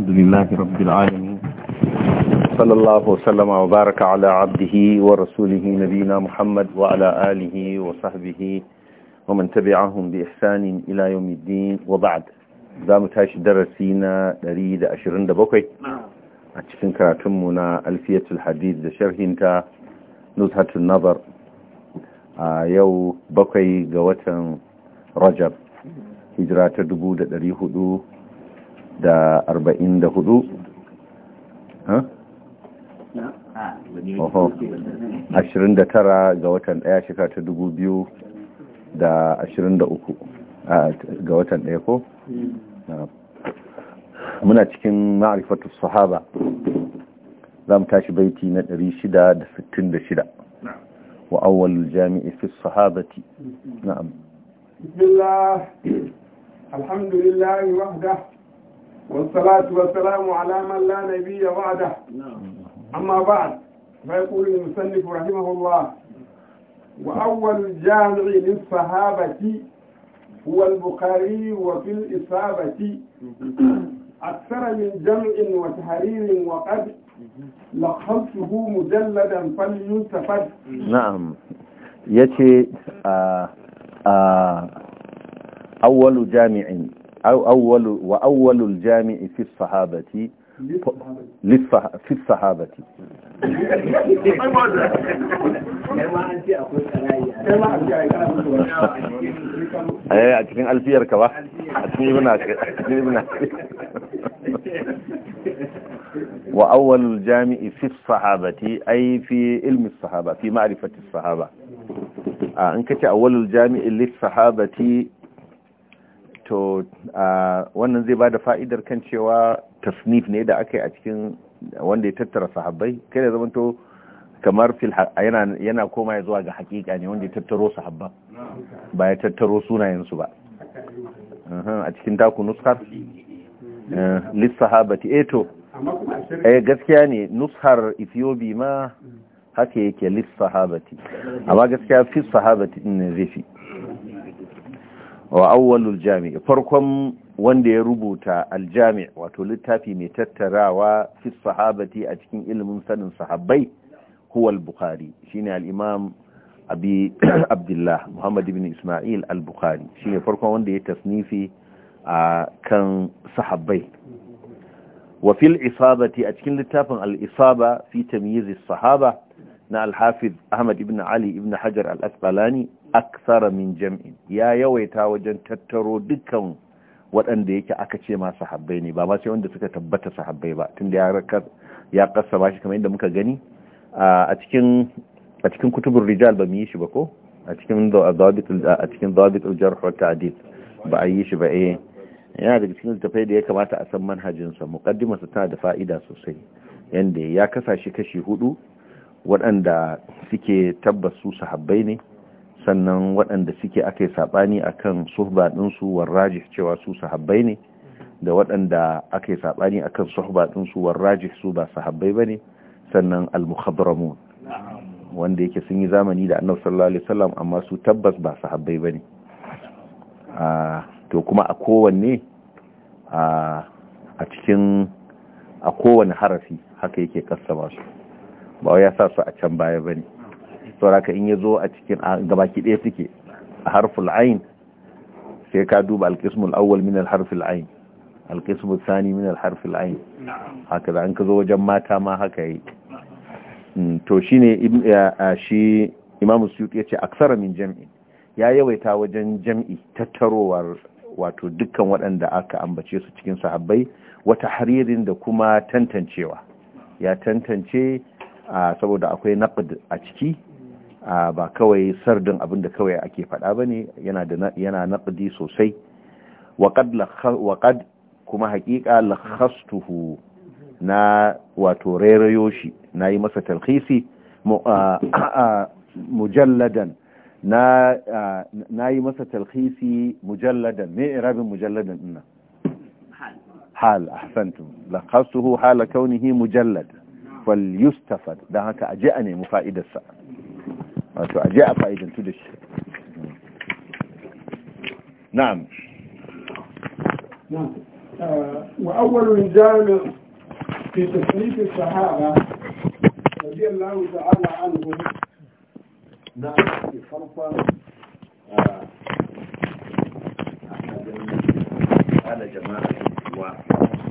الحمد لله رب العالمين صلى الله وسلم وبارك على عبده ورسوله نبينا محمد وعلى آله وصحبه ومن تبعهم بإحسان إلى يوم الدين وبعد دام تاش درسينا دريد أشرين دبوكي أتشكين كراتمنا ألفية الحديث لشرهنتا نزهة النظر يو بوكي قوة رجب هجرات دبودة دريهدو da arba'in da hudu ashirin da tara ga watan daya shekar ta dubu biyu da ashirin da uku ga watan daya ko hmm. muna cikin ma'arifatu sahaba za mu tashi baiti na ɗari shida da sittin da shida wa awal jami'i fi sahabati hmm. na'am bismillah alhamdulillah wahda والصلاة والسلام على من لا نبي بعده نعم. أما بعد فيقول المسنف رحمه الله وأول جامع للصحابة هو البخاري وفي الإصابة أكثر من جمع وتحرير وقد لخصه مجلدا فليستفد نعم يتي آه آه أول جامع أو أول وأول الجامع في الصحابة في الصحابة أي عشان ألفير كوا عشان ابن عشان وأول الجامع في الصحابة أي في علم الصحابة في معرفة الصحابة آه إنك أول الجامع للصحابة to wannan zai ba da fa'idar kan cewa tasnif ne da aka yi a cikin wanda ya tattara sahabbai kai da zamanto kamar yana koma zuwa ga hakika ne wanda ya tattaro sahabba ba ya tattaro sunayensu ba a cikin taku nuskar eh, lissahabati eto eh, eh gaskiya ne nuskar ethiopi ma haka yake sahabati amma gaskiya fi sahabati ne zai fi wa awwalul jami farkon wanda ya rubuta aljami wato littafi mai tattarawa fi sahabati a cikin ilimin sanin sahabbai huwa al-bukhari shine al-imam abi abdullah muhammad ibn isma'il al-bukhari shine farkon wanda ya tasnifi a kan sahabbai wa fil isabati a cikin littafin al-isaba fi tamyiz as-sahaba na al-hafiz ahmad ibn ali ibn hajar al-asqalani aksara min jam'in ya yawaita wajen tattaro dukkan waɗanda yake aka ce ma sahabbai ne ba ma sai wanda suka tabbata sahabbai ba tunda ya rakar ya shi kamar yadda muka gani a cikin a rijal ba mu yi shi ba ko a cikin dawabit a cikin ba a yi shi ba eh yana daga cikin littafai da ya kamata a san manhajin sa muqaddima sa tana da fa'ida sosai yanda ya kasa shi kashi hudu waɗanda suke tabbas su sahabbai ne sannan waɗanda suke aka yi saɓani a kan suhba ɗinsu warrajih cewa su sahabbai ne da waɗanda aka yi saɓani a kan suhba ɗinsu warrajih su ba sahabbai ba ne sannan al-mukhadramun wanda yake sun yi zamani da annabu sallallahu alaihi wasallam amma su tabbas ba sahabbai ba ne to kuma a kowanne a cikin a kowane harafi haka yake kasa ba su ba ya sa su a can baya ba ne sauraka in ya zo a cikin gabaki ɗaya suke a harful ain sai ka duba alkismul awwal min alharfil ain alkismul sani min alharfil ain haka da an ka zo wajen mata ma haka yi mm, to shine shi imamu suyuti ya ce aksara min jam'i ya yawaita wajen jam'i tattarowar wato dukkan waɗanda aka ambace su cikin sahabbai wata haririn da kuma tantancewa ya tantance saboda akwai naqd a ciki ba kawai sardin abin da kawai ake faɗa ba ne yana naƙdi sosai waƙad kuma haƙiƙa lakastuhu na wato rairayo shi na yi masa talhisi mujalladan na yi masa talhisi mujalladan me irabin mujalladan ina hal ahsantum lakhastuhu hala kaunihi mujallad fal yustafad don haka aje a nemi fa'idarsa wato a je a fa'idantu da shi na'am wa awwalun jami'a fi tasnifin sahaba radiyallahu ta'ala anhu na ake farkon a jama'a wa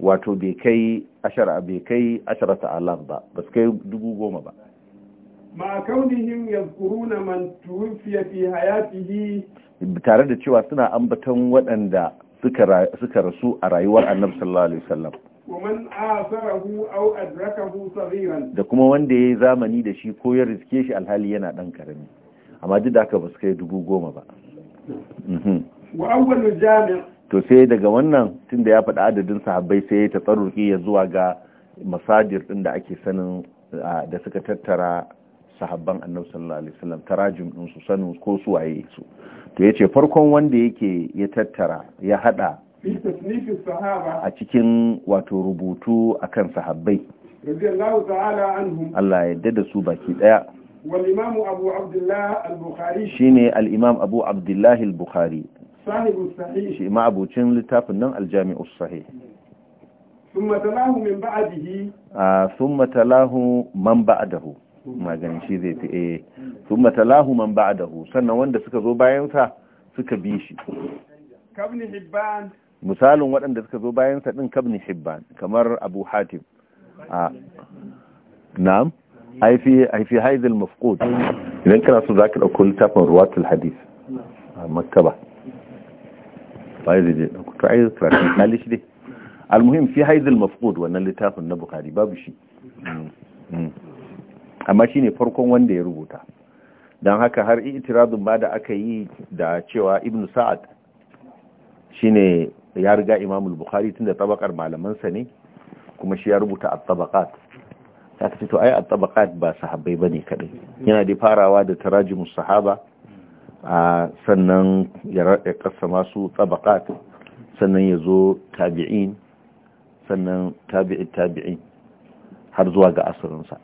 wato bai kai ashara bai kai asharata alaf ba ba su kai dubu goma ba ma kaunihim yadhkuruna man tuwfiya fi hayatihi tare da cewa suna ambaton waɗanda suka rasu a rayuwar annabi sallallahu alaihi wasallam ومن آثره أو أدركه صغيرا da kuma wanda yayi zamani da shi ko ya riske shi alhali yana dan karami amma duk da haka ba su kai dubu goma ba wa awwalu jami' to sai daga wannan tun da ya faɗi adadin sahabbai sai ya tsaruki ya zuwa ga masadir ɗin da ake sanin da suka tattara sahabban annabi sallallahu alaihi wasallam tarajum din su sanin ko su waye su to yace farkon wanda yake ya tattara ya hada a cikin wato rubutu akan sahabbai Allah ya yarda da su baki daya abu abdullah al-bukhari shine al imam abu abdullah al-bukhari shi ma littafin nan aljami'u sahih thumma talahu min ba'dihi thumma talahu man ba'dahu maganin shi zai fi eh thumma talahu man ba'dahu sannan wanda suka zo bayansa suka bi shi kabni misalin waɗanda suka zo bayansa ɗin din kabni hibban kamar abu hatim na'am ai fi ai fi haidul mafqud idan kana so ka ɗauko littafin ruwatul hadith maktaba waye zai je ɗauka to karatun dai almuhim fi haizul mafqud wannan littafin na bukhari babu shi mm, mm. amma shine farkon wanda ya rubuta don haka har itirazin ba da aka yi da cewa ibn sa'ad ne ya riga imamul bukhari tunda tabakar malamansa ne kuma shi ya rubuta a tabakat ta ce to ai a tabakat ba ba ne kadai yana da farawa da tarajimus sahaba a sannan ya raɗe ƙasa masu tsabaƙat sannan ya zo tabi'in sannan tabi'in tabi'in har zuwa ga asirinsa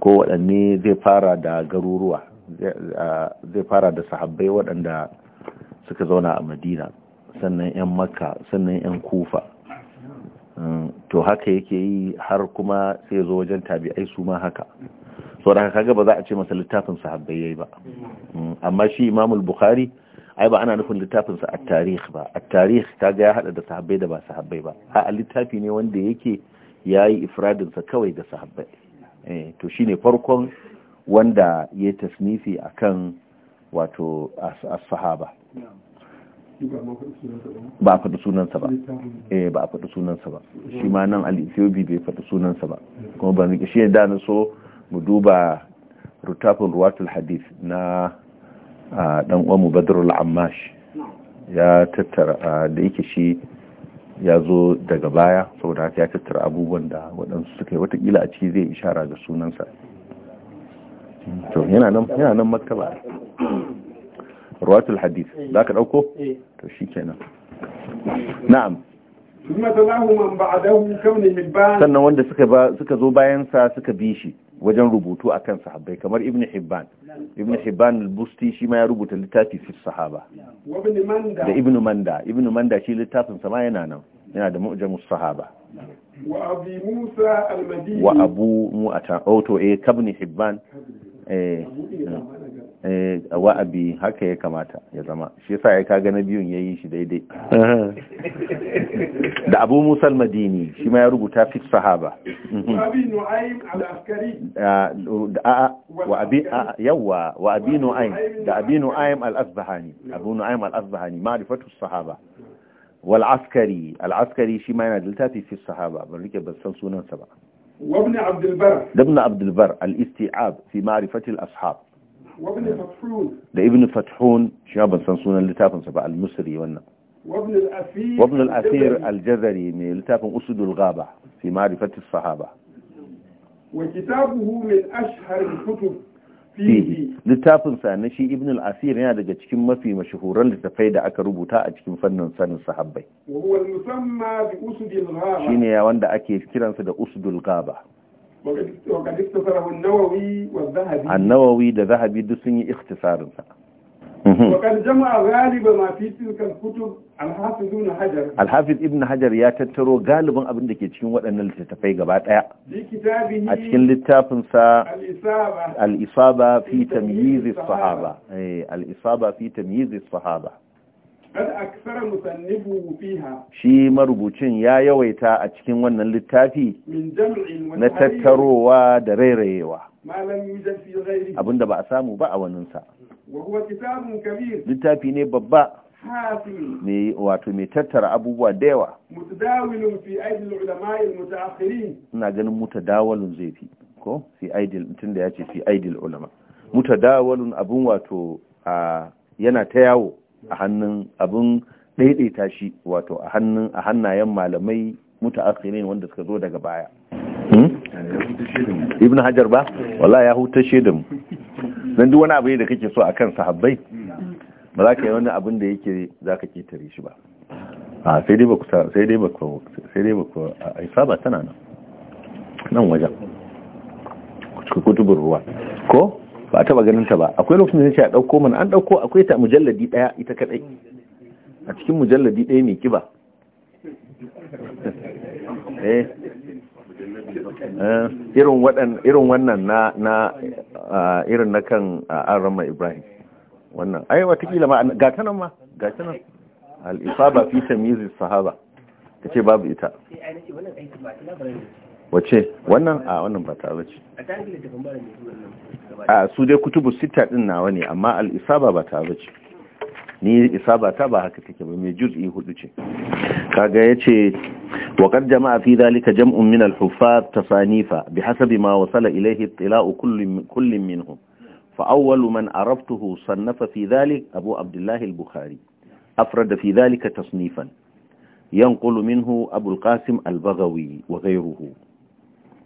ko waɗanne zai fara da garuruwa zai fara da sahabbai waɗanda suka zauna a madina sannan 'yan makka sannan 'yan kufa to haka yake yi har kuma sai zo wajen tabi'ai su ma haka so da kaga ba za a ce masa littafin sahabbai yayi ba mm, amma shi Imam bukhari ai ba ana nufin littafin sa at-tarikh ba at-tarikh kaga ya hada da sahabbai da ba sahabbai ba a littafi ne wanda yake yayi ifradin sa kawai da sahabbai eh to shine farkon wanda ya tasnifi akan wato as-sahaba ba a faɗi sunansa ba eh ba a faɗi sunansa ba shi ma nan ali ethiopi bai faɗi sunansa ba kuma ban rike shi ne da na so mu duba rutafin ruwatul hadith na dan uwan badrul ammash ya tattara da yake shi ya zo daga baya saboda haka ya tattara abubuwan da waɗansu suka yi watakila a ciki zai ishara ga sunansa to yana nan maktaba ruwatul hadith eh. za ka ɗauko? Eh. to shi kenan na'am sannan wanda suka zo bayansa suka bi shi wajen rubutu a kan sahabbai kamar ibn hibban ibn hibban al-busti shi ma ya rubuta littafi fi sahaba da ibn manda ibn manda shi littafin sama yana nan yana da mu'jamus sahaba wa abi musa al-madini wa abu mu'ata auto oh, eh kabni hibban eh Eh, wa'abi haka ya kamata ya zama shi yasa ya kaga na biyun ya yi shi daidai da Abu musal madini shi ma ya rubuta fi sahaba Abi Nu'aym al-Askari da eh, wa Abi yawa wa Abi Nu'aym da Abi Nu'aym Abu Nu'aym al-Asbahani sahaba wal askari al shi ma yana da littafi fi sahaba ban rike ban san sunansa ba وابن Abdulbar البر ابن عبد البر الاستيعاب في da ibn fathun shi ya ban san sunan littafinsa ba al-musri wannan wabn al-asir al-jazari ne littafin usudul ghaba fi ma'rifatis sahaba wa kitabuhu min ashhar al-kutub littafinsa na shi ibn al-asir yana daga cikin mafi mashahuran littafai da aka rubuta a cikin fannin sanin sahabbai Shi ne ya wanda ake kiransa da usudul ghaba وقد da النووي والذهبي النووي ده ذهبي yi وقد جمع غالب ما في تلك الكتب الحافظ ابن حجر الحافظ ابن حجر ya tattaro galibin abin da ke cikin waɗannan littattafai gaba ɗaya a cikin littafin sa al-isaba fi sahaba shi marubucin ya yawaita a cikin wannan littafi na tattarowa da rairayewa abinda ba a samu ba a waninsa littafi ne babba wato mai tattara abubuwa da yawa ina ganin dawalin zai fi ko fi idil. tun da ya ce fi idil ulama dawalin abun wato yana ta yawo a hannun abin daidaita shi wato a hannun a hannayen malamai mutaakhirin wanda suka zo daga baya hmm? ibn hajar ba wallahi ya hutashe da mu dan duk wani abu da kake so akan sahabbai ba za ka yi wani abin da yake za ka ketare shi ba a sai dai ba ku sai dai ba ku sai dai ba ku a isaba tana nan nan wajen ku cika kutubin ruwa ko ba a taba ganin ta ba akwai lokacin da ce a ɗauko mana an ɗauko akwai ta mujalladi ɗaya ita kaɗai a cikin mujalladi ɗaya mai kiba eh. Eh. irin irin wannan na na eh, irin na kan arama ibrahim wannan ai kila ma ga ta nan ma ga ta nan al-isaba fi tamyiz sahaba kace babu ita wace wannan a wannan ba ta bace a su dai kutubu sita din nawa ne amma al-isaba ba ta bace ni isaba ta ba haka take ba mai juz'i hudu ce kaga yace wa qad jama'a fi dhalika jam'un min al-huffaz tasanifa hasabi ma wasala ilayhi ittila'u kulli kulli minhum fa awwalu man araftuhu sannafa fi dhalik abu abdullah al-bukhari afrada fi dhalika tasnifan ينقل منه أبو القاسم البغوي وغيره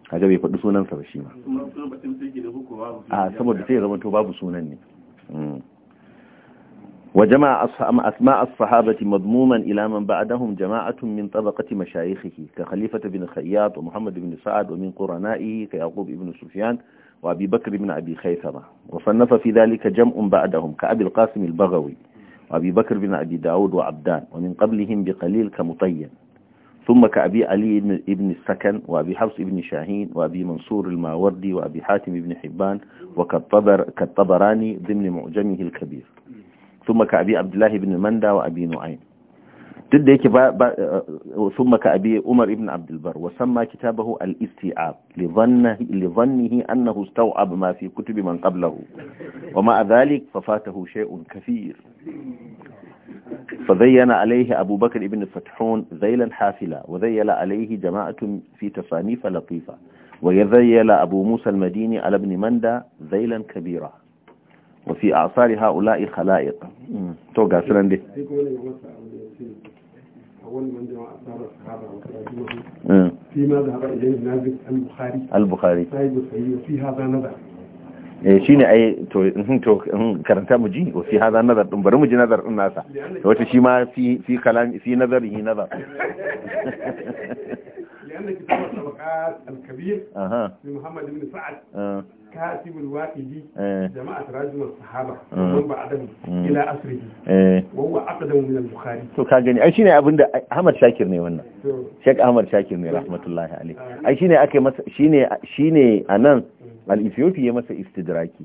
kaga bai faɗi sa ba shi ma a saboda sai zama to babu sunan ne wa jama'a asma as-sahabati madmuman ila man ba'dahum jama'atun min tabaqati mashayikhihi ka khalifata bin khayyat wa muhammad ibn sa'ad wa min qurana'i ka yaqub ibn sufyan wa abi bakr ibn abi khaythama wa sannafa fi dhalika jam'un ba'dahum ka abi al-qasim al-baghawi wa abi bakr ibn abi daud wa abdan wa min qablihim bi qalil ka mutayyan ثم كأبي علي بن السكن وأبي حفص بن شاهين وأبي منصور الماوردي وأبي حاتم بن حبان وكالطبراني ضمن معجمه الكبير ثم كأبي عبد الله بن مندى وأبي نعيم آه، ثم كأبي عمر بن عبد البر وسمى كتابه الاستيعاب لظنه, لظنه أنه استوعب ما في كتب من قبله ومع ذلك ففاته شيء كثير فزين عليه أبو بكر ابن الفتحون ذيلا حافلا وذيل عليه جماعة في تصانيف لطيفة ويذيل أبو موسى المديني على ابن مندى ذيلا كبيرا وفي أعصار هؤلاء خلائق توقع سلام دي فيما ذهب إليه البخاري البخاري في هذا نظر Eh, shi ne ai to karanta mu ji o fi haza nazar ɗin bari mu ji nazar din nasa to wata shi ma fi fi kalam fi nazar كاتب الواقدي جماعة تراجم الصحابة ومن بعدهم إلى أسره وهو أقدم من البخاري تو كاجني أي شيء أبدا أحمد شاكر ني wannan Sheikh Ahmad Shakir ne rahmatullahi alaihi ai shine ake masa shine shine anan al-Ethiopi ya masa istidraki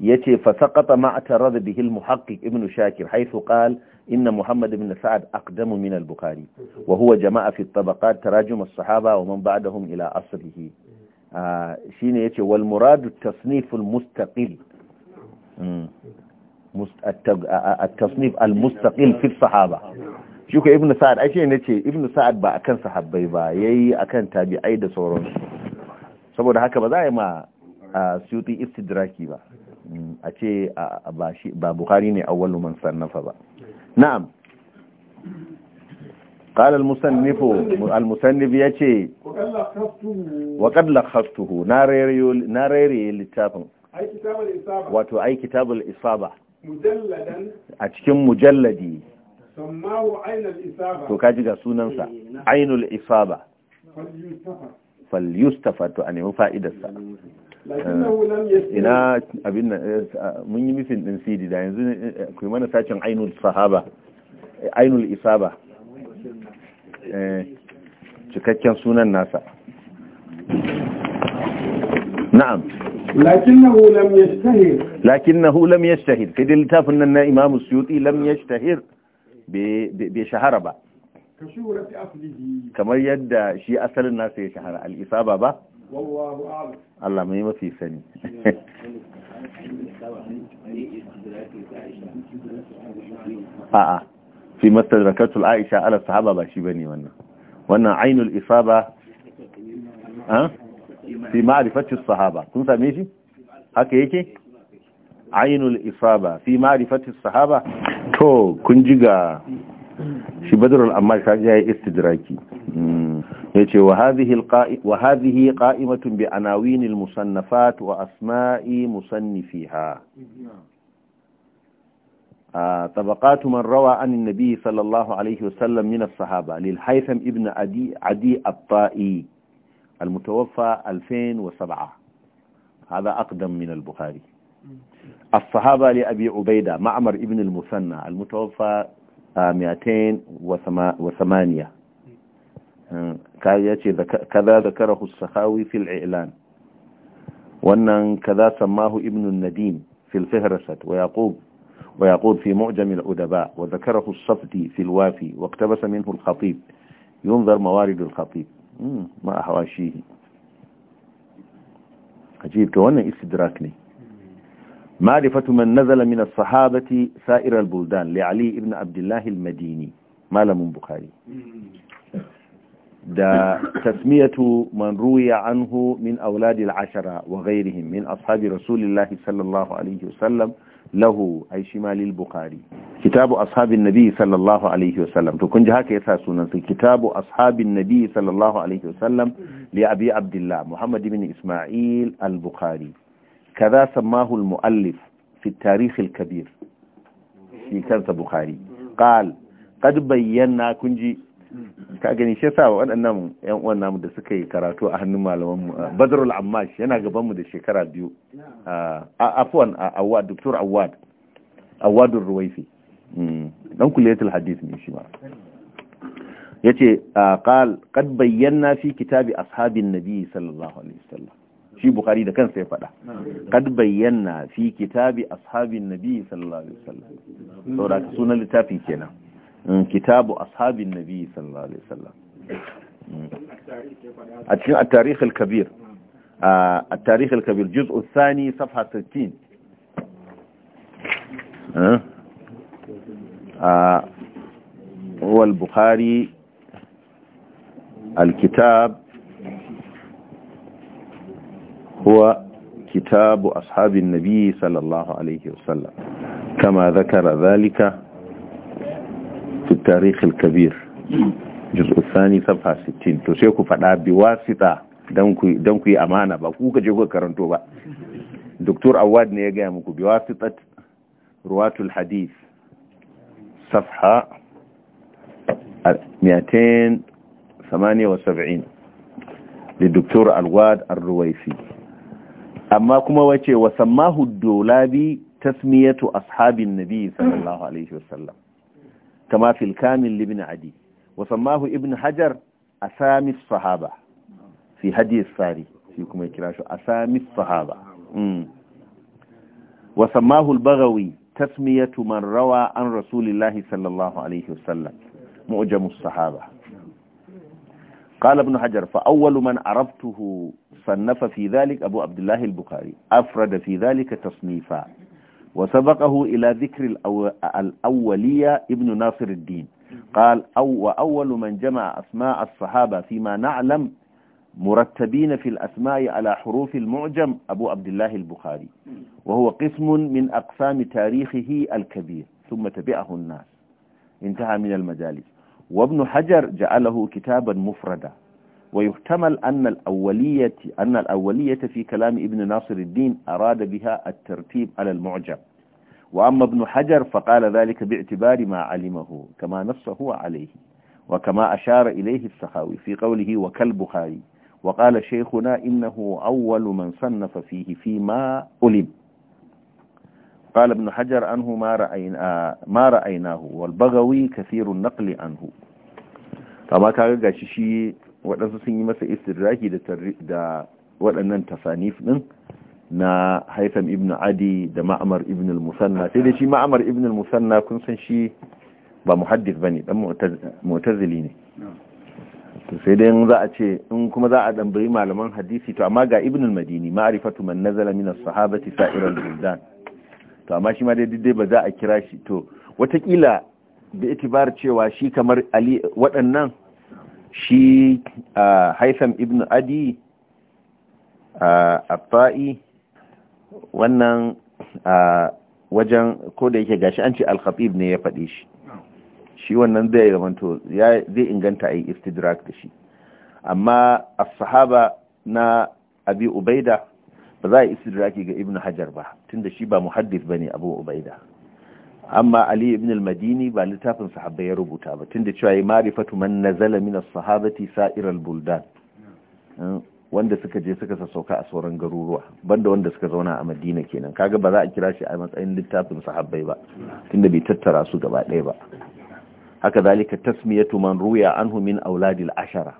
yace fa saqata ma atarada bihi al-muhaqqiq ibn Shakir haythu qala إن محمد بن سعد أقدم من البخاري وهو جماعة في الطبقات تراجم الصحابة ومن بعدهم إلى أصله ne yace wal muradu tasniful al التصنيف المستقل sahaba الصحابة shuka ibn sa'ad ake ne ce ibn sa'ad ba akan sahabbai ba yayi akan tabi'ai da sauransu saboda haka ba za a yi ma suyuti istidraki ba a ce ba buhari ne awwalu man sannafa ba na'am قال المصنف المصنف ya ce لخفته ناريري ناريري للتابن أي كتاب الإصابة واتو أي كتاب الإصابة مجلدا أتكم مجلدي سماه عين الإصابة تو كاجي ga sunansa ainul isaba falyustafa to ina mun yi misin din sidi yanzu kai mana sacin ainul sahaba isaba Eh, cikakken sunan nasa na'am lakinnahu lam yashtahir lakinnahu lam yashtahir kai da littafin nan na imamu Suyuti lam yashtahir bai shahara ba kamar yadda shi asalin nasa ya shahara al ba ba Allah mai mafi sani a'a fi mastadrakatul aisha ala sahaba ba shi bane wannan wannan ainul isaba ah fi ma'rifatis sahaba kun same shi haka yake ainul isaba fi ma'rifatis sahaba to kun ji ga shi badrul amma shi ya yi istidraki hmm. yace wa hadhihi wa hadhihi qa'imatun bi anawinil musannafat wa asma'i musannifiha آه، طبقات من روى عن النبي صلى الله عليه وسلم من الصحابة للحيثم ابن عدي, عدي الطائي المتوفى 2007 هذا أقدم من البخاري الصحابة لأبي عبيدة معمر ابن المثنى المتوفى 208 آه، آه، كذا ذكره السخاوي في الإعلان وأن كذا سماه ابن النديم في الفهرسة ويعقوب ويقول في معجم الأدباء وذكره الصفدي في الوافي واقتبس منه الخطيب ينظر موارد الخطيب ما أحواشيه عجيب كوانا استدراكني معرفة من نزل من الصحابة سائر البلدان لعلي ابن عبد الله المديني ما لم بخاري تسمية من روي عنه من أولاد العشرة وغيرهم من أصحاب رسول الله صلى الله عليه وسلم lahu ai shi ma lil bukhari kitabu ashabin nabi sallallahu alaihi wasallam to kun ji haka yasa sunan sa kitabu ashabin nabi sallallahu alaihi wasallam li abi abdullah muhammad ibn isma'il al bukhari kaza samahu al muallif fi tarikh al kabir shi kansa bukhari qal qad bayyana kun ji ka gani shi yasa waɗannan yan uwan namu da suka yi karatu a hannun malaman mu Badrul Ammash yana gaban mu da shekara biyu a afwan Awad Dr. Awad Awadur Ruwaisi mm, dan kulliyatul hadith ne shi ma yace qal qad bayyana fi kitabi ashabin nabi sallallahu alaihi wasallam shi bukhari da kansa ya faɗa qad bayyana fi kitabi ashabin nabi sallallahu alaihi wasallam saboda sunan littafin kenan كتاب أصحاب النبي صلى الله عليه وسلم التاريخ الكبير آه، التاريخ الكبير جزء الثاني صفحة 60 هو آه، البخاري الكتاب هو كتاب أصحاب النبي صلى الله عليه وسلم كما ذكر ذلك التاريخ الكبير juz'u sani safa 60 to sai ku faɗa biwasita don ku yi amana ba ku je ku karanto ba Dr. Awad ne ya gaya muku biwasitat ruwatul hadith safha 278 da Dr. Alwad ar amma kuma wace wasammahu dolabi tasmiyatu ashabin nabi sallallahu alaihi كما في الكامل لابن عدي وسماه ابن حجر أسامي الصحابة في هدي الساري فيكم يكراشو أسامي الصحابة مم. وسماه البغوي تسمية من روى عن رسول الله صلى الله عليه وسلم معجم الصحابة قال ابن حجر فأول من عرفته صنف في ذلك أبو عبد الله البخاري أفرد في ذلك تصنيفا وسبقه إلى ذكر الأولية ابن ناصر الدين قال أو وأول من جمع أسماء الصحابة فيما نعلم مرتبين في الأسماء على حروف المعجم أبو عبد الله البخاري وهو قسم من أقسام تاريخه الكبير ثم تبعه الناس انتهى من المجالس وابن حجر جعله كتابا مفردا ويحتمل أن الأولية, أن الأولية في كلام ابن ناصر الدين أراد بها الترتيب على المعجم وأما ابن حجر فقال ذلك باعتبار ما علمه كما نص هو عليه وكما أشار إليه السخاوي في قوله وكالبخاري وقال شيخنا إنه أول من صنف فيه فيما ألم قال ابن حجر عنه ما, رأينا ما رأيناه والبغوي كثير النقل عنه فما كان شيء waɗansu sun yi masa istirahi da waɗannan tasanif ɗin na haifam ibn adi da ma'amar ibn musanna sai dai shi ma'amar ibn musanna kun san shi ba muhaddis bane dan mu'tazili ne sai dai za a ce in kuma za a dambayi malaman hadisi to amma ga ibn madini ma'arifatu man nazala min as-sahabati sairan buldan to amma shi ma dai dai ba za a kira shi to watakila bi itibar cewa shi kamar ali waɗannan shi a haifam ibn adi a fa'i wannan wajen ko yake gashi an ce al ne ya faɗi shi shi wannan zai zamanto zai inganta a yi istidrak da shi amma a sahaba na abi ubaida ba za a yi istidraki ga ibn hajar ba tunda shi ba muhaddis ne, abu ubaida amma ali ibn al-madini ba littafin sahabbai ya rubuta ba tunda cewa ya marifatu man nazala min as-sahabati sa'ir al-buldan hmm, wanda suka je suka sassauka a sauran garuruwa banda wanda suka zauna a madina kenan kaga ba za a kira shi a matsayin littafin sahabbai ba tunda bai tattara su gaba ɗaya ba haka zalika tasmiyatu man ruya anhu min auladil ashara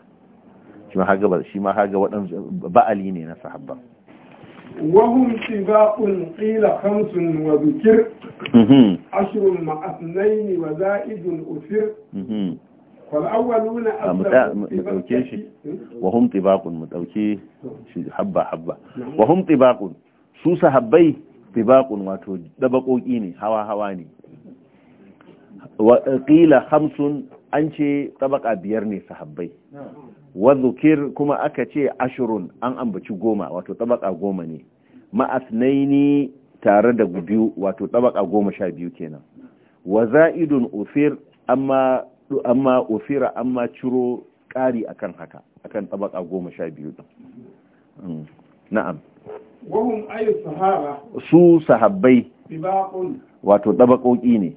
shi ma haga ba shi ma haga waɗansu ba'ali ne na sahabba وهم سباق قيل خمس وذكر عشر مع اثنين وزائد أثر فالأولون أبدأ وهم طباق متوكي حبة حبة وهم طباق su sahabbai tibaqun wato dabakoki ne hawa hawa ne ƙila qila an ce tabaka biyar ne sahabbai wadhukir kuma aka ce ashirun an ambaci goma wato tabaka goma ne ma'asnaini tare da biyu wato tabaka goma sha biyu kenan wa za'idun ufir amma amma ufira amma ciro ƙari akan haka akan tabaka goma sha biyu mm, na'am wahum ayu sahara. su sahabbai wato tabakoki ne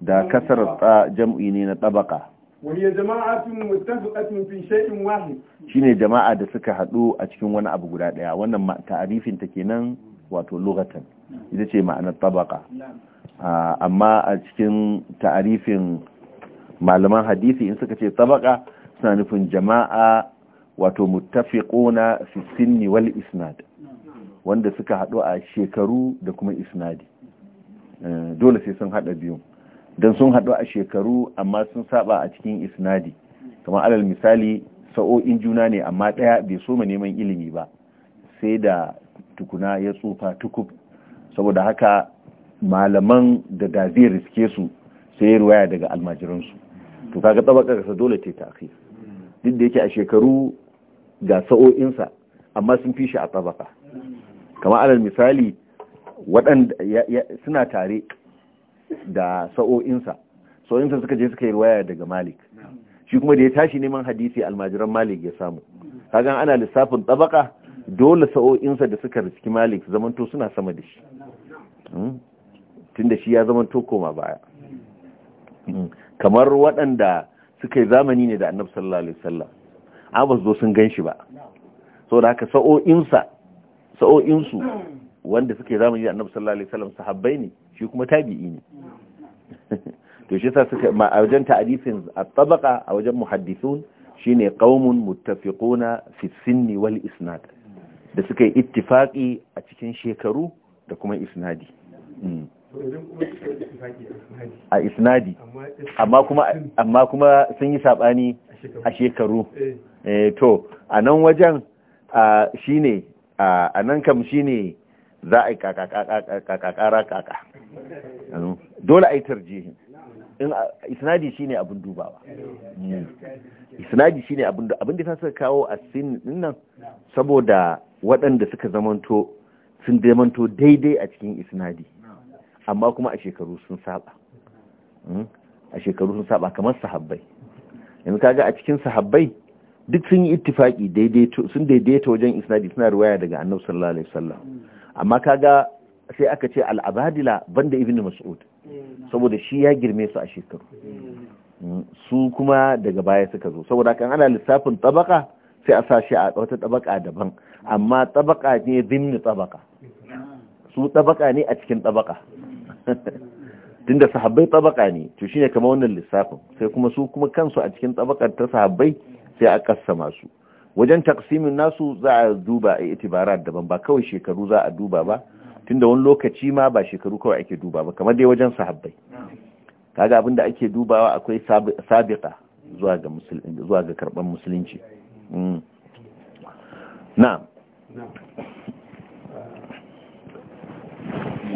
da kasar tsa jam'i ne na tabaka وهي جماعة متفقة في شيء واحد شيني jama'a da suka hadu a cikin wani abu guda daya wannan ta'arifin ta nan wato lughatan ita ce ma'anar tabaqa ah, amma a cikin ta'arifin malaman hadisi in suka ce tsabaƙa suna nufin jama'a wato muttafiquna fi sinni wal isnad wanda suka hadu a shekaru da kuma isnadi eh, dole sai sun hada biyu don sun haɗu a shekaru amma sun saba a cikin isnadi kamar alal misali sa'o'in juna ne amma ɗaya bai so ma neman ilimi ba sai da tukuna ya tsufa tukub saboda haka malaman da da zai riske su sai ruwaya daga almajiransu to kaga tsabaka kasa dole ce ta akhir duk da yake a shekaru ga sa'o'insa amma sun fi a tsabaka kamar alal misali waɗanda suna tare da sa'o'insa sa'o'insa suka je suka yi waya daga malik shi kuma da ya tashi neman hadisi almajiran malik ya samu kagan ana lissafin tabaka dole sa'o'insa da suka riski malik zamanto suna sama da shi hmm? tun da shi ya zamanto koma baya hmm? kamar waɗanda suka yi zamani ne da annabi sallallahu alaihi wasallam sun gan shi ba saboda haka sa'o'insa wanda suke zamani da annabi sallallahu alaihi wasallam sahabbai ne shi kuma tabi'i ne to shi yasa suka ma a wajen ta'rifin at-tabaqa a wajen muhaddithun shine qaumun muttafiquna fi sinni wal isnad da suka yi ittifaqi a cikin shekaru da kuma isnadi mm. a isnadi amma kuma amma kuma sun yi sabani a shekaru eh to a nan wajen shine a nan kam shine za a yi kakakara kaka dole a yi tarjihin isnadi shine abin dubawa hmm. isnadi shine abin da abin da ta suka kawo a sinin nan saboda waɗanda suka zamanto sun zamanto daidai a cikin isnadi amma kuma a shekaru sun saba hmm. a shekaru sun saba kamar sahabbai yanzu kaga a cikin sahabbai duk sun yi ittifaki daidai sun daidaita wajen isnadi suna riwaya daga annabi sallallahu alaihi wasallam amma kaga sai aka ce al'abadila banda ibn mas'ud saboda shi ya girme su a shekaru mm, su kuma daga baya suka zo saboda kan ana lissafin tabaka sai a sa shi a wata tabaka daban amma tabaka ne zimni tabaka su tabaka ne a cikin tabaka tunda sahabbai tabaka ne to shine kamar wannan lissafin sai kuma su kuma kansu a cikin tabakar ta sahabbai sai a kassama masu. wajen taksimin nasu za a duba a itibara daban ba kawai shekaru za a duba ba tunda wani lokaci ma ba shekaru kawai ake duba ba kamar dai wajen sahabbai kaga abin da ake dubawa akwai sabiqa zuwa ga musulunci zuwa ga karban musulunci mm. na'am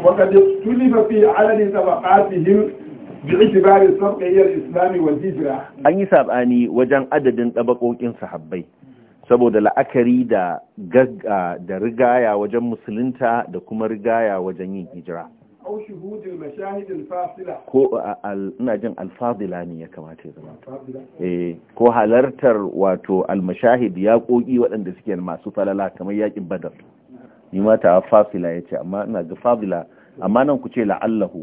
وقد اختلف في عدد طبقاتهم باعتبار السبق الى الاسلام والهجره an yi sabani wajen adadin tabakokin sahabbai saboda la'akari da gagga da rigaya wajen musulunta da kuma rigaya wajen yin hijira ko ina jin alfazila ne ya kamata ya zama eh ko halartar wato almashahid ya koki waɗanda suke masu falala kamar yakin badar ni ma ta fasila ce, amma ina ga fazila amma nan ku ce la'allahu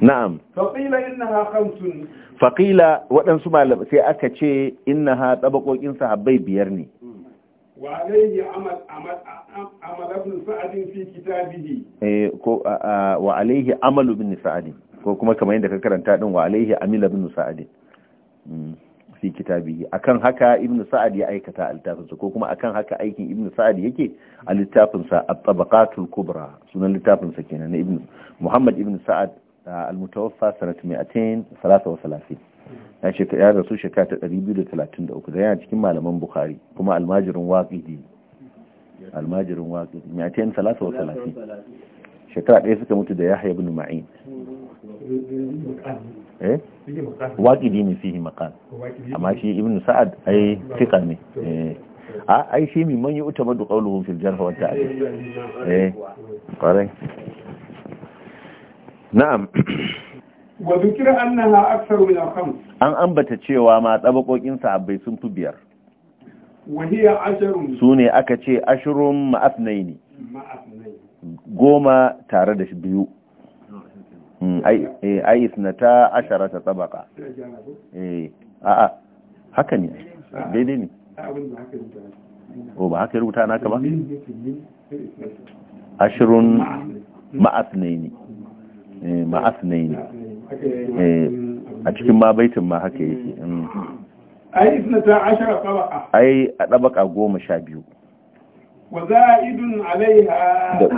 na'am faqila innaha khamsun faqila waɗansu malamai sai aka ce innaha tabaqokin sahabbai biyar ne وعليه عمل ibn عمل fi سعد eh ko wa alayhi amal ibn سعد eh, ko kuma kamar yadda ka karanta din wa alayhi amil ibn sa'adin hmm. fi kitabihi akan haka ibn sa'ad ya aikata a littafinsa ko kuma akan haka aikin ibn sa'ad yake a littafinsa at-tabaqatul kubra sunan littafinsa kenan na ibn muhammad ibn sa'ad uh, al-mutawaffa sanat 233 ya ce ya rasu shekara ta 233 da da da talatin uku yana cikin malaman bukhari kuma almajirin waqidi almajirin waqidi 233 shekara ɗaya suka mutu da yahya ibn ma'in eh ne fihi maqal amma shi ibnu sa'ad ai fiqa ne eh. a ai shi manyan man yu'tamadu qawluhu fil jarh wa ta'dil eh qarai na'am wa dhukira annaha na aksar al-khams an ambata cewa ma tsabakokin sahabbai sun fi biyar wa hiya sune aka ce ashrun ne, goma tare da biyu Mm, ai eh, ta ashara ta tabaka eh, a'a haka ne daidai ne o oh, ba haka rubuta naka ba Ashirin ne. ma'asnaini eh, ne. a cikin ma baitin ma haka yake mm. ai ta ashara tabaka ai a tsabaka goma sha biyu wa za'idun alaiha da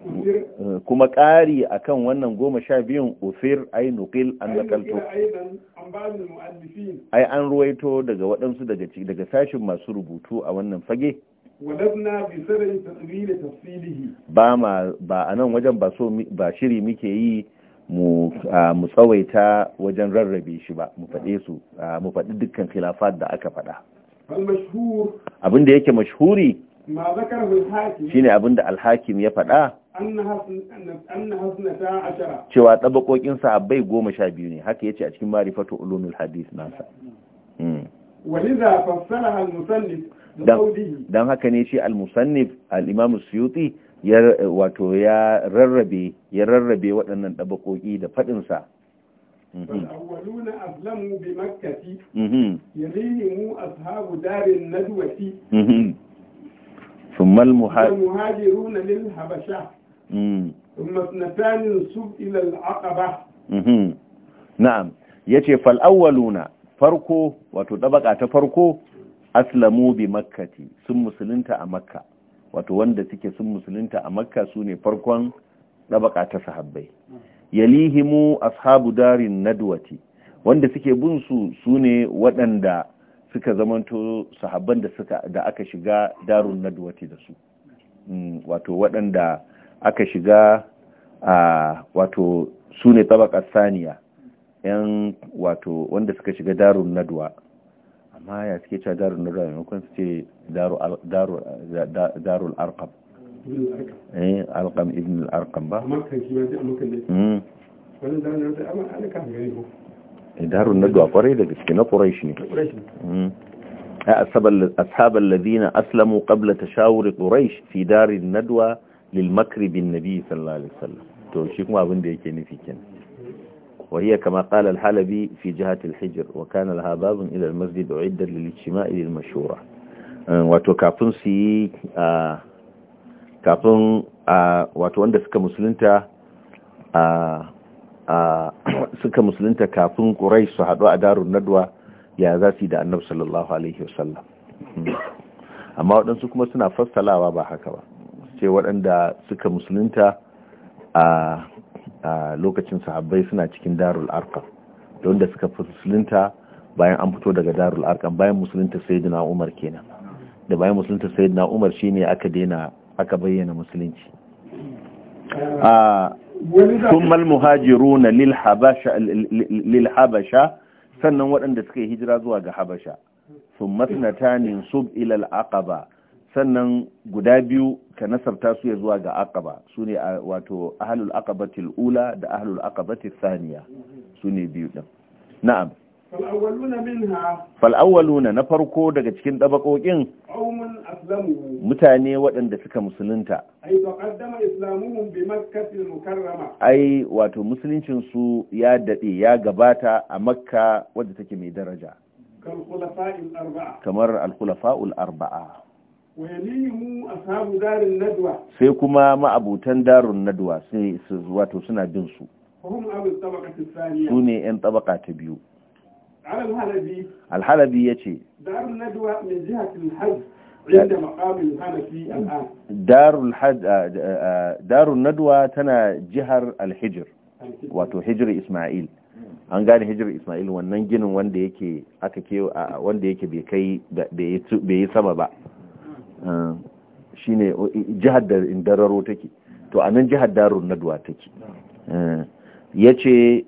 Eh, kuma ƙari akan wannan goma sha biyun ofir ai nukil an nakalto ai an ruwaito daga waɗansu daga sashin masu rubutu a wannan fage ba a nan wajen ba shiri muke yi mu tsawaita wajen rarrabe shi ba mu faɗe su mu faɗi dukkan khilafat da aka faɗa abinda yake mashhuri shine abinda alhakim ya faɗa cewa ɗabaƙoƙin sahabbai goma sha biyu ne haka yace a cikin marifatu ulumul hadis nasa waliza fassara al-musannif dan haka ne shi al-musannif al-imam suyuti ya wato ya rarrabe ya rarrabe waɗannan ɗabaƙoƙi da faɗin sa فالأولون hmm. أظلموا بمكة hmm. يليهم أصحاب دار الندوة hmm. ثم المهاجرون للحبشة Hmm. Hmm. na'am yace fal awwaluna farko wato dabaka ta farko aslamu bi makkati sun musulunta a makka wato wanda suke sun musulunta a makka sune farkon dabaka ta sahabbai yalihimu ashabu darin nadwati wanda suke bin su sune waɗanda suka zamanto sahabban da da aka shiga darun nadwati da su hmm. wato waɗanda aka shiga a wato su ne tabakar saniya yan wato wanda suka shiga darun nadwa amma ya suke cewa darun nadwa maimakon su ce darul arkam eh alkam ibn al arqam ba hmm. eh, darun nadwa kwarai da gaske na quraish ne hmm. ashabal alladhina aslamu qabla tashawur quraish fi darin nadwa lil makri bin nabi sallallahu alaihi wasallam to shi kuma abin da yake nufi kenan wa hiya kama qala al-halabi fi jihati al-hijr wa kana laha babun ila al-masjid uidda lil-ijtima'i lil-mashura eh, wato kafun su yi kafin wato wanda suka musulunta suka musulunta kafin ƙurai su haɗu a darun nadwa ya za su yi da annabi sallallahu alaihi wasallam hmm. amma waɗansu kuma suna fassalawa ba haka ba ce waɗanda suka musulunta a lokacin sahabbai suna cikin darul arka da wanda suka musulunta bayan an fito daga darul arka bayan musulunta sayyidina umar kenan da bayan musulunta sayyidina umar shine aka daina aka bayyana musulunci a ثم المهاجرون lil habasha sannan waɗanda suka yi hijira zuwa ga habasha sun masnata ne sub ilal aqaba sannan guda biyu ka nasarta su ya zuwa ga aqaba su ne wato ahalul aqabatil ula da ahalul aqabatil thaniya su ne biyu din na'am fal'awwaluna na farko daga cikin ɗabaƙoƙin mutane waɗanda suka musulunta ai wato musuluncinsu ya daɗe ya gabata a makka wadda take mai daraja kamar al-khulafa'ul arba'a sai kuma ma'abutan darun nadwa sai su wato suna bin su su ne 'yan tabaka ta biyu alhalabi ya ce darun nadwa tana jihar alhijir wato hijir ismail an gane hijir ismail wannan ginin wanda yake aka wanda yake bai kai bai yi sama ba Eh, ne jihar da indararo take to a nan jihar darun nadwa take eh, ya ce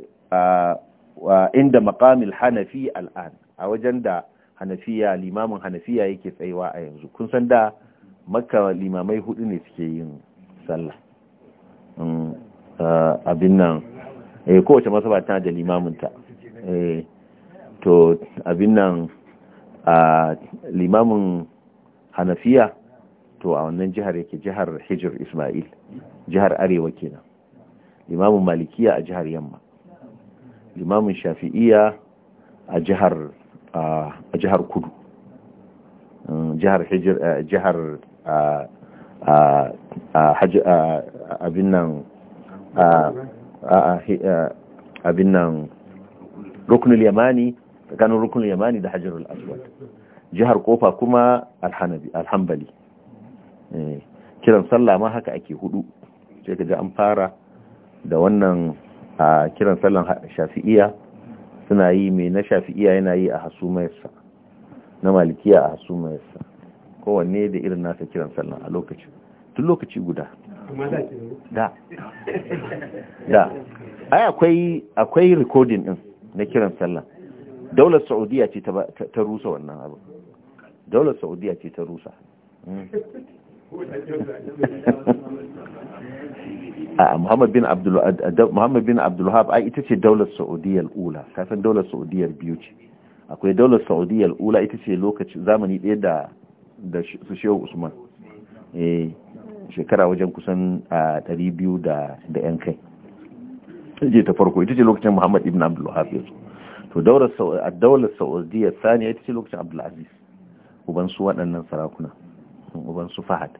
inda makamil hanafi al'an a wajen da hanafiya limamin hanafiya yake tsayuwa a yanzu kun san da makka limamai hudu ne suke yin sallah eh, abin nan kowace masaba tana da limaminta to abin nan limamin hanafiya to a wannan jihar yake jihar hijir ismail jihar arewa kenan limamin malikiya a jihar yamma limamin shafi'iya a jihar a jihar kudu mm, jihar hijir eh, jihar abin nan abin nan rukunul yamani tsakanin rukunul yamani da hajjar aswad jihar kofa kuma alhambali eh, kiran sallah ma haka ake hudu sai ka ji an fara da wannan a kiran sallan shafi'iya suna yi mai na shafi'iya yana yi a hasumayarsa na malikiya a hasumayarsa kowanne da irin nasa kiran sallan a lokaci tun lokaci guda da da ai akwai akwai recording din na kiran sallan daular saudiya ce ta rusa wannan abu daular saudiya ce ta rusa Muhammad bin Abdulhab ai ita ce daular saudiya ula kasan daular saudiya biyu ce akwai daular saudiya ula ita ce lokaci zamani ɗaya da su shehu Usman eh, shekara wajen kusan 200 da da yan kai je ta farko ita ce lokacin Muhammad ibn ya yanzu to daular saudiya Saniya ita ce lokacin Abdulaziz Uban su waɗannan sarakuna Uban su fahad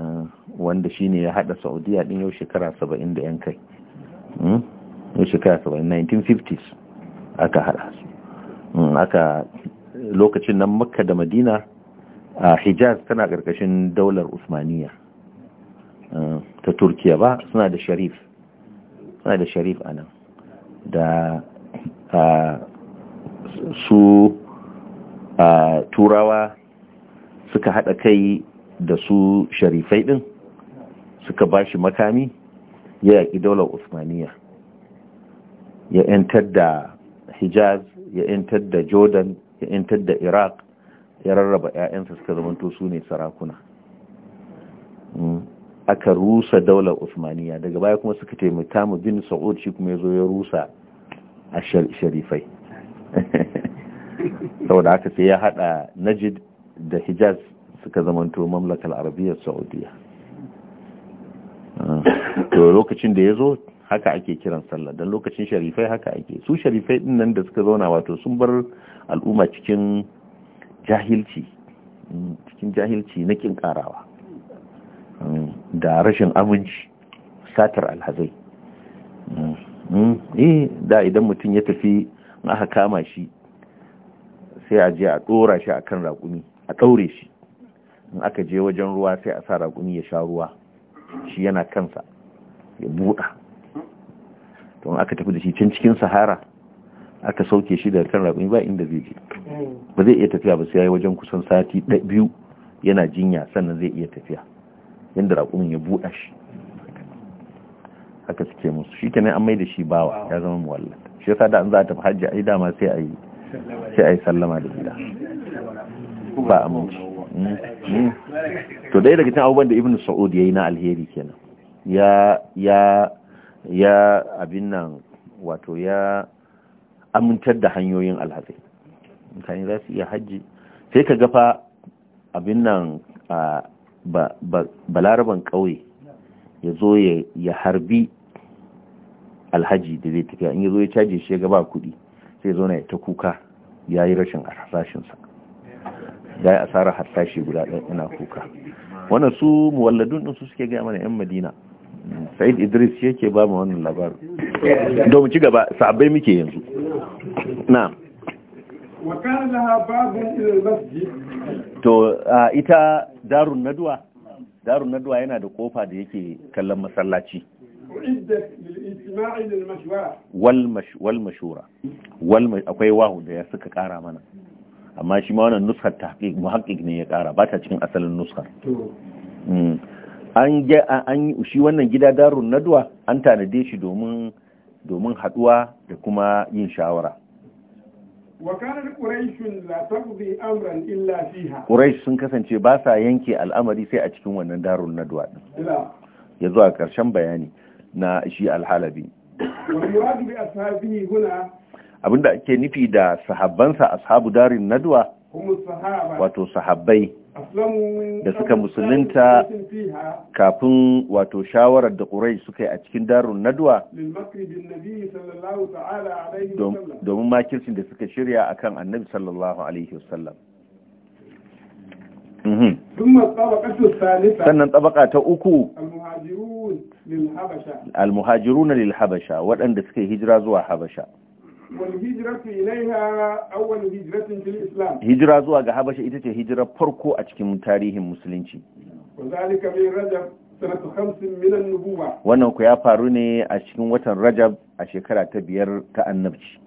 eh, wanda shi ne ya haɗa saudiya ɗin yau shekara saba'in da 'yan kai hmm? yau shekara saba'in 1950s aka haɗa su hmm, aka lokacin nan makka da madina a hijaz tana ƙarƙashin daular usmaniya eh, ta turkiya ba suna da sharif suna da sharif a nan da su turawa suka haɗa kai da su sharifai din suka ba shi makami ya yaki daular usmaniya ya ‘yantar da hijaz ya ‘yantar da jordan ya ‘yantar da iraq ya rarraba ‘ya'yansa suka zamanto su ne sarakuna mm. aka rusa daular usmaniya daga baya kuma suka taimaka mu bin sa'ud shi kuma ya zo ya rusa a sharifai saboda aka sai ya hada najid da hijaz suka zamanto mamlakar arabiyyar saudiya ah, to lokacin da ya zo haka ake kiran sallah don lokacin sharifai haka ake su sharifai din nan da suka zauna wato sun bar al'umma cikin jahilci mm, cikin jahilci na kin karawa mm, da rashin aminci satar alhazai mm, eh da idan mutum ya tafi aka kama shi sai a je a ɗora shi a kan raƙumi a ɗaure shi in aka je wajen ruwa sai a sa raƙumi ya sha ruwa shi yana kansa ya buɗa to aka tafi da shi can cikin sahara aka sauke shi daga kan raƙumi ba inda zai je ba zai iya tafiya ba sai ya yi wajen kusan sati biyu yana jinya sannan zai iya tafiya yadda raƙumin ya buɗa shi aka suke musu shi ne an mai da shi bawa ya zama muwallad shi yasa da an za a tafi hajji ai dama sai a yi sai a yi sallama da gida ba a munci hmm. to dai daga cikin abubuwan da ibn sa'ud ya yi na alheri kenan ya ya ya abin nan wato ya amintar da hanyoyin alhazai mutane za su iya hajji sai ka gafa abin nan balaraban ƙauye ya zo ya harbi alhaji da zai tafiya in ya zo ya caje shi ya gaba kuɗi sai zo na ta kuka ya yi rashin hasashinsa ya yi asarar hasashi guda ɗan ina kuka wannan su muwalladun ɗin su suke gaya mana 'yan madina sa'id idris shi yake ba mu wannan labarin domin ci gaba sabai muke yanzu na to ita darun naduwa darun naduwa yana da kofa da yake kallon masallaci uiddat lil wal mashura akwai wahu ya suka kara mana amma shi ma wannan nuskar tahqiq muhaqqiq ne ya ƙara, ba ta cikin asalin nuskar an ga an yi shi wannan gida darun nadwa an tanade shi domin domin haduwa da kuma yin shawara Quraish sun kasance ba sa yanke al'amari sai a cikin wannan darun nadwa din. Ya zuwa ƙarshen bayani. na shi alhalabi abinda ake nufi da sahabbansa ashabu darin nadwa wato sahabbai da suka musulunta kafin wato shawarar da ƙurai suka yi a cikin darin nadwa domin makircin da suka shirya akan annabi sallallahu alaihi wasallam mhm. sannan tsabaka ta uku almuhajiruna lil habasha waɗanda suka hijira zuwa habasha hijira zuwa ga habasha ita ce hijira farko a cikin tarihin musulunci wannan ku ya faru ne a cikin watan rajab a shekara ta biyar ta annabci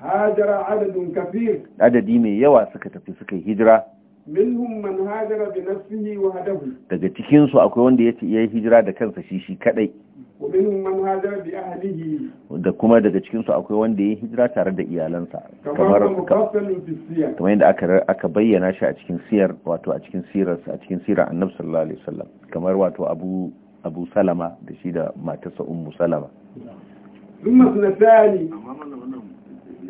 hajara adadin kafir adadi mai yawa suka tafi suka hijira minhum man hajara bi nafsihi hadahu daga cikin su akwai wanda yace yayi hijira da kansa shi shi kadai wa minhum man hajara bi ahlihi da kuma daga cikin su akwai wanda yayi hijira tare da iyalansa kamar kamar yadda aka aka bayyana shi a cikin siyar wato a cikin sirar a cikin sirar annabi sallallahu alaihi wasallam kamar wato abu abu salama da shi da matarsa ummu salama thumma sunatani amma wannan wannan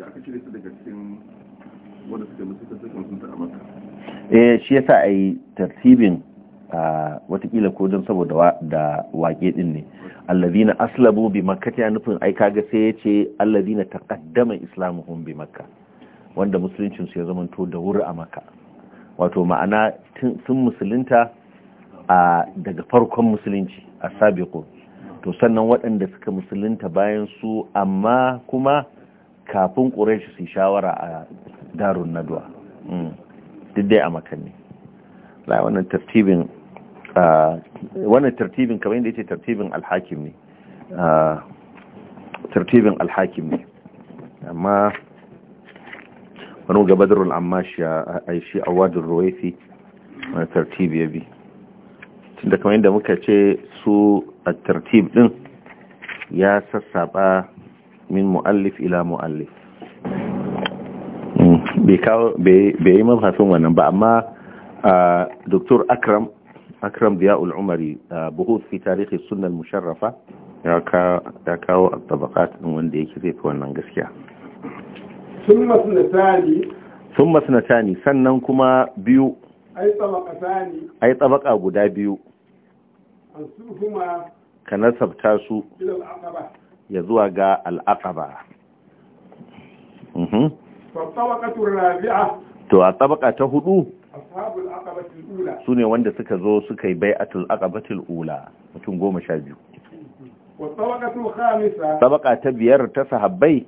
aka cire su daga cikin wanda suka mutu suka sun ta eh shi yasa a yi tartibin watakila ko don saboda da wake din ne allazina aslabu bi ya nufin ai kaga sai yace allazina taqaddama islamuhum bi makka wanda musuluncin su ya zamanto da wuri a makka wato ma'ana sun musulunta a daga farkon musulunci a sabiqu to sannan waɗanda suka musulunta bayan su amma kuma kafin quraish su shawara a darun nadwa hmm. duk dai a makanni wannan tartibin wannan tartibin kamar yadda yake tartibin alhakim ne tartibin alhakim ne amma wani ga badarul amma shi a shi a wadin ruwaifi wani tartibi ya bi tunda kamar yadda muka ce su a tartib din ya sassaba min mu'allif ila mu'allif bai yi mafafin wannan ba amma doktor akram akram biya ul'umari buhu fi tarihi sunan musharrafa ya kawo a tabakat wanda yake zai wannan gaskiya sun masunatani sannan kuma biyu ai tsabaka guda biyu ka nasabta su ya zuwa ga al'aqaba mhm. to a tabaka ta hudu su ne wanda suka zo suka yi bai bai'atul aqabatul ula mutum goma sha biyu tabaka ta biyar ta sahabbai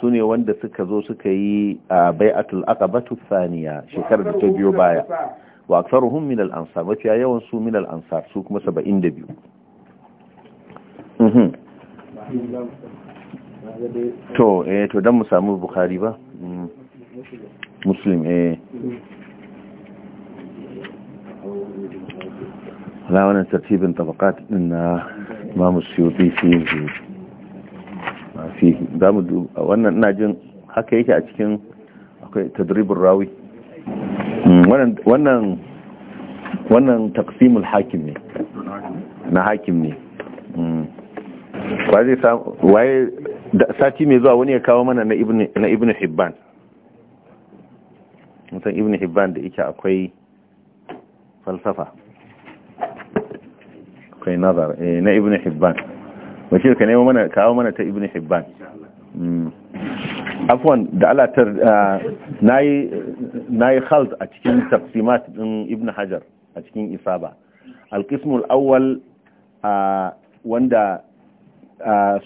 su ne wanda suka zo suka yi bai bai'atul aqabatul saniya shekarar da ta biyo baya wa aksaruhum min al-ansar mafiya yawan su min al-ansar su kuma saba'in da 72 to eh to dan mu samu bukhari ba mm. muslim eh la wannan tartibin tabaqat din na imam suyuti fi fi zamu wannan ina jin haka yake a cikin akwai tadribur rawi mm, wannan wannan wannan taqsimul hakim ne na hakim ne mm. waye da sati mai zuwa wani ya kawo mana na ibn hibban musan ibn hibban da yake akwai falsafa akwai nazar eh, na ibn hibban wace ka nemo mana kawo mana ta ibn hibban hmm. afwan da alatar ah, na yi khalt a cikin tafsimat din ibn hajar a cikin isaba alkismul awwal ah, wanda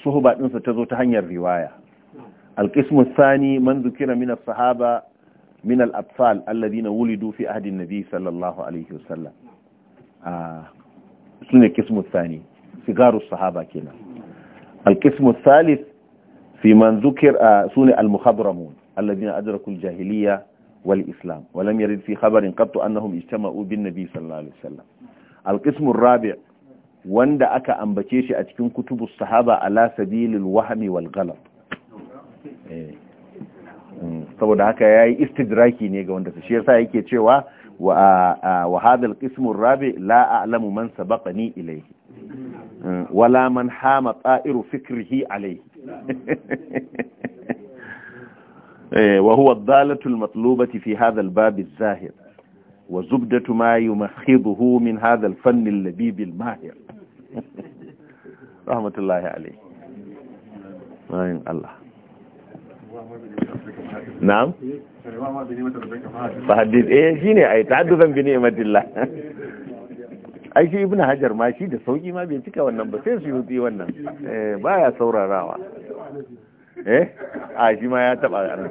suhuba ɗinsa ta zo ta hanyar riwaya alƙismu sani man zukira min sahaba min al-absal alladhina wulidu fi ahdi an-nabi sallallahu alaihi wasallam sune kismu sani sigaru sahaba kenan alƙismu thalith fi man zukira sune al-mukhadramun alladhina adraku al-jahiliyya wal-islam wa lam yarid fi khabarin qattu annahum ijtama'u bin-nabi sallallahu alaihi wasallam alƙismu ar-rabi' wanda aka ambace shi a cikin kutubu sahaba ala sabilil wahmi wal ghalab eh. mm. saboda haka yayi istidraki ne ga wanda shi yasa yake cewa wa hadha al qism rabi la a'lamu man sabaqani ilayhi mm. wala man hama ta'iru fikrihi alayhi eh, wa huwa ad-dalatu al-matlubati fi hadha al-bab az-zahir min hadha al-fann al-labib al-mahir rahmatullahi alai bayan Allah na'am tahaddid eh shine ai ta'adduzan bi ni'matillah ai shi ibnu hajar ma shi da sauki ma bai cika wannan ba sai su yi wannan eh baya saurarawa eh a shi ma ya taba ran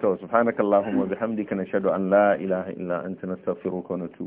to subhanakallahumma bihamdika nashhadu an la ilaha illa anta nastaghfiruka wa natubu